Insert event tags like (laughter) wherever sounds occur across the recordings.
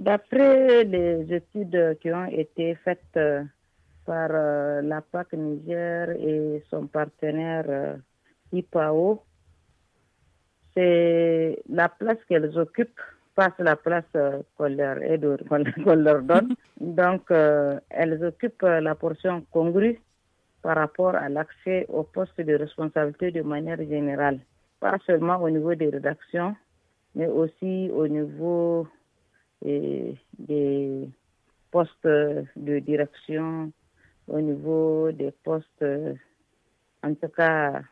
D'après les études qui ont été faites euh, par euh, la PAC Niger et son partenaire euh, IPAO, c'est la place qu'elles occupent passe la place (laughs) qu'on leur, donne. (laughs) Donc, elles occupent la portion congrue par rapport à l'accès au postes de responsabilité de manière générale, pas seulement au niveau des rédactions, mais aussi au niveau et des postes de direction, au niveau des postes, en tout cas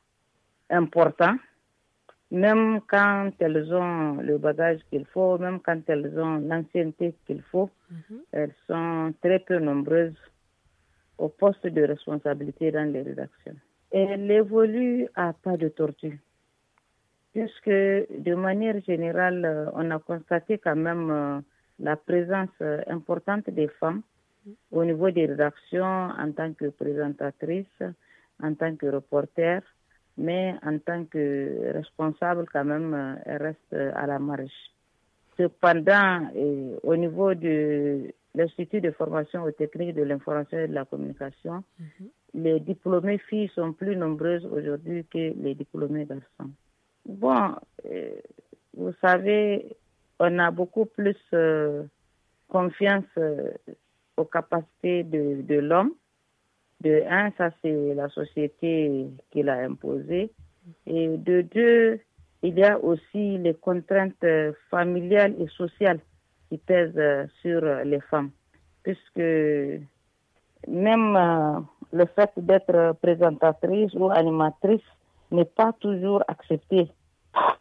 importants, même quand elles ont le bagage qu'il faut, même quand elles ont l'ancienneté qu'il faut, mhm. elles sont très peu nombreuses au poste de responsabilité dans les rédactions. Et évolue à pas de tortue, puisque de manière générale, euh, on a constaté quand même euh, la présence euh, importante des femmes au niveau des rédactions en tant que présentatrice, en tant que reporter, mais en tant que responsable quand même, euh, elle reste à la marge. Cependant, euh, au niveau de l'Institut de formation aux techniques de l'information et de la communication, mhm. les diplômés filles sont plus nombreuses aujourd'hui que les diplômés garçons. Bon, vous savez, on a beaucoup plus euh, confiance euh, aux capacités de, de l'homme. De un, ça c'est la société qui l'a imposé. Et de deux, il y a aussi les contraintes euh, familiales et sociales qui pèsent sur les femmes. Puisque même le fait d'être présentatrice ou animatrice n'est pas toujours accepté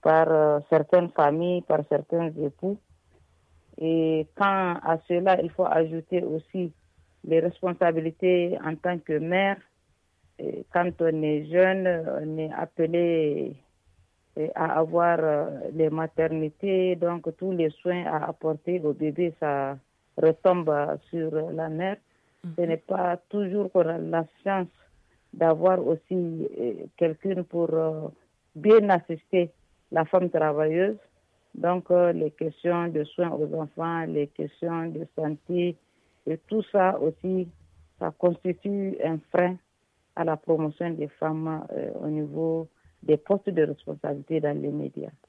par euh, certaines familles, par certains époux. Et quand à cela, il faut ajouter aussi les responsabilités en tant que mère. quand on est jeune, on est appelé euh, à avoir euh, les maternités, donc tous les soins à apporter au bébé, ça retombe sur la mère. Mhm. Ce n'est pas toujours qu'on la chance d'avoir aussi quelqu'un pour bien assister la femme travailleuse. Donc, euh, les questions de soins aux enfants, les questions de santé, et tout ça aussi, ça constitue un frein à la promotion des femmes euh, au niveau des postes de responsabilité dans les médias.